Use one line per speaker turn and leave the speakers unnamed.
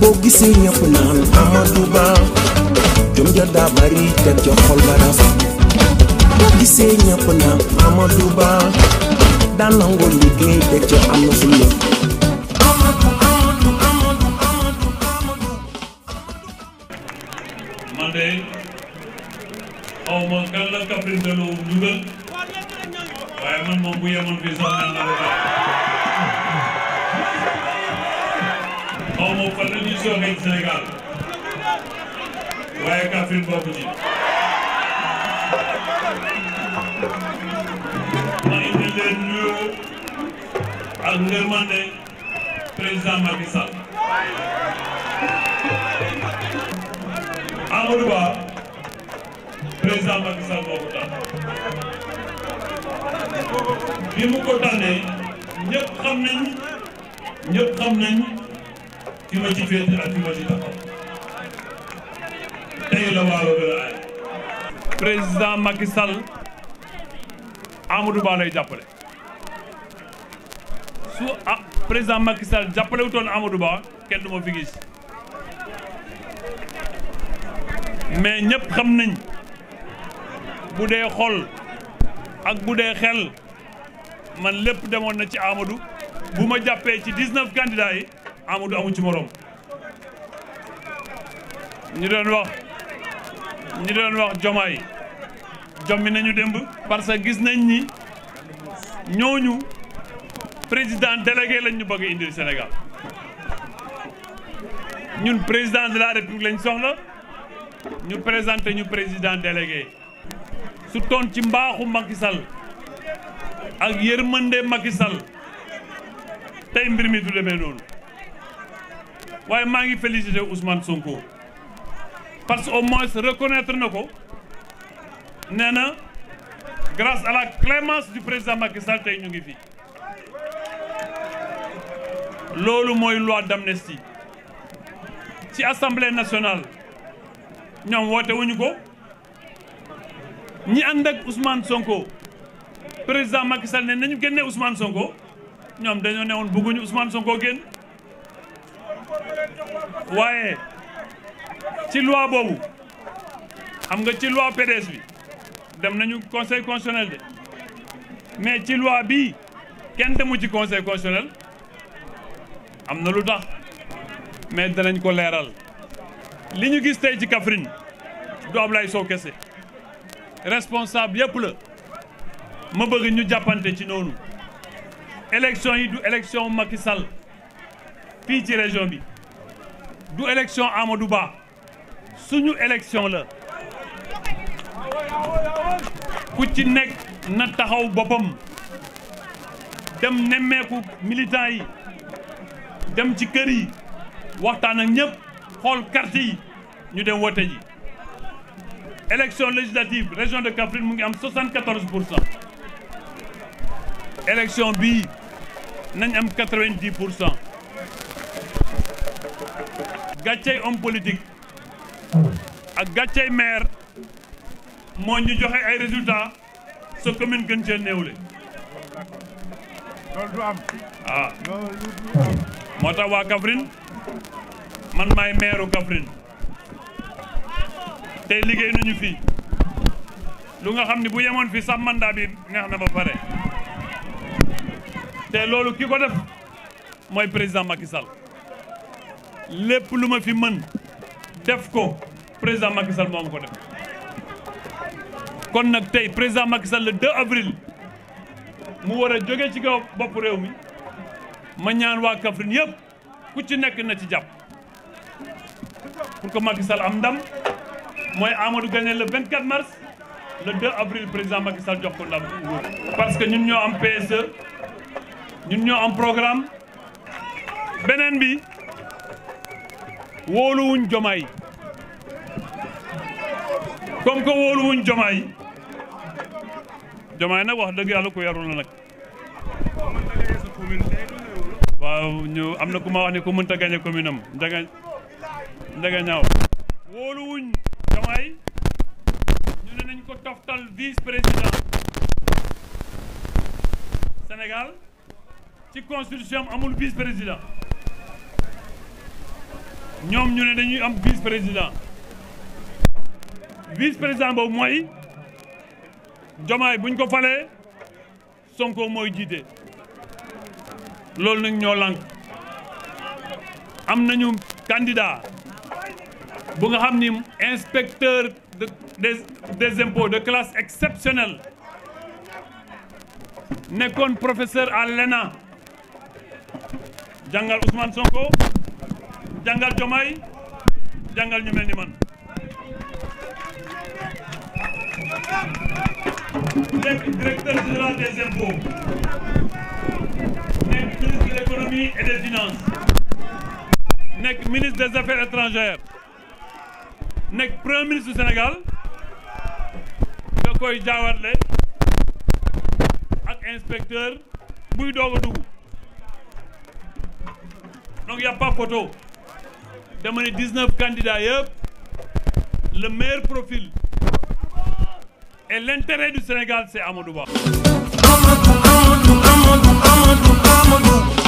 boo gisee ñëpp naan Amadou Ba jom ja daa bari teg ca xol ba rafet boo gisee ñëpp naan Amadou Ba daan nangoo liggéey teg ca am na fulla man de xaw ma kan la Kaffrine daloo waaye man moom bu yemoon fii sax naan la xaw ma fan la ñuy soogay ci Sénégal waaye Kaffrine bokk ma indi leen nuyu ak ngërmande président Macky Ba président Macky Sall moo ko mu ko tànnee ñëpp xam nañ ñëpp xam nañ. président Macky Sall Amadou lay jàppale su ah président Macky Sall jàppale wutoon Amadou Ba kenn du ma mais ñëpp xam nañ bu dee xol ak bu dee xel man lépp demoon na ci Amadou bu ma jàppee ci 19 candidats yi Amadou amu ci morom ñu doon wax ñu doon wax jomaay jommi nañu démb parce que gis nañ ni ñooñu président délégué lañ ñu bëgg indil Sénégal ñun président de la république lañ soxla ñu présenté ñu président délégué su toon ci mbaaxu Macky Sall ak yërmande Macky Sall tey mbir mi du demee noonu waaye maa ngi félicité Ousmane Sonko parce que au moins reconnaître na ko nee na grâce à la clémence du président Macky Sall tey ñu ngi fi loolu mooy loi d'amnistie ci assemblée nationale ñoom woote wuñu ko ñi ànd ak Ousmane Sonko président Macky Sall ne nañu génne Ousmane Sonko ñoom dañoo newoon bëgguñu Ousmane Sonko génn. waaye ci loi boobu xam nga ci loi PDS bi dem nañu conseil constitutionnel de mais ci loi bii kenn demu ci conseil constitutionnel am na lu tax mais danañ ko leeral li ñu gis tey ci Kaffrine du Ablaye Sow kese responsable yëpp la ma bëgg ñu jàppante ci noonu élection yi du élection Macky Sall fii ci région bi du élection Amadou Ba suñu élection la ku ci nekk na taxaw boppam dem nemmeeku militants yi dem ci kër yi waxtaan ak ñëpp xool carte yi ñu dem wote ji élection législative région de Kaffrine mu ngi am 74 pour cent élection bii nañ am gàccey homme politique ak gàccey maire moo ñu joxe ay résultats sa commune gën cee néewle. Ah. moo tax waa Kaffrine man maay maire u Kaffrine liggéey nañu fii lu nga xam ni bu yemoon fii sax mandat bi neex na ba pare te loolu ki ko def mooy président Macky Sall. lépp lu ma fi mën def ko président Macky Sall ko def kon nag tey président Macky Sall le 2 avril mu war a jóge ci kaw bopp réew mi ma ñaan waa Kaffrine yëpp ku ci nekk na ci jàpp pour que Macky am ndam mooy Amadou Gagné le 24 mars la 2 avril président Macky Sall jox ko ndam parce que ñun ñoo am PSE ñun ñoo am programme beneen bi wóoluwuñ jomaay comme ko wóoluwuñ jomaay jomaay nag wax dëgg yàlla ku yarul waaw ñu am na ku ma wax ne ku mënta gañe commune am njaga njaga wóoluwuñ jomaay ñu ne nañ ko toftal vice président Sénégal ci constitution amul vice président ñoom ñu ne dañuy am vice président vice président boobu mooy jomaay buñ ko falee sonko mooy jiite loolu nag ñoo lànk am nañu candidat bu nga xam ni inspecteur de des des impôts de classe exceptionnelle nekkoon professeur à l'ENA jàngal Ousmane Sonko. jàngal Diomaye jàngal ñu mel man nekk directeur général des impôts nekk ministre de l'économie et des finances nekk ministre des affaires étrangères nekk premier ministre Sénégal nga koy jaawatle ak inspecteur buy doog a dugg donc photo dama ne 19 candidats yëpp le meilleur profil et l'intérêt du Sénégal c'est Amadou Ba. Amadou Amadou Amadou Amadou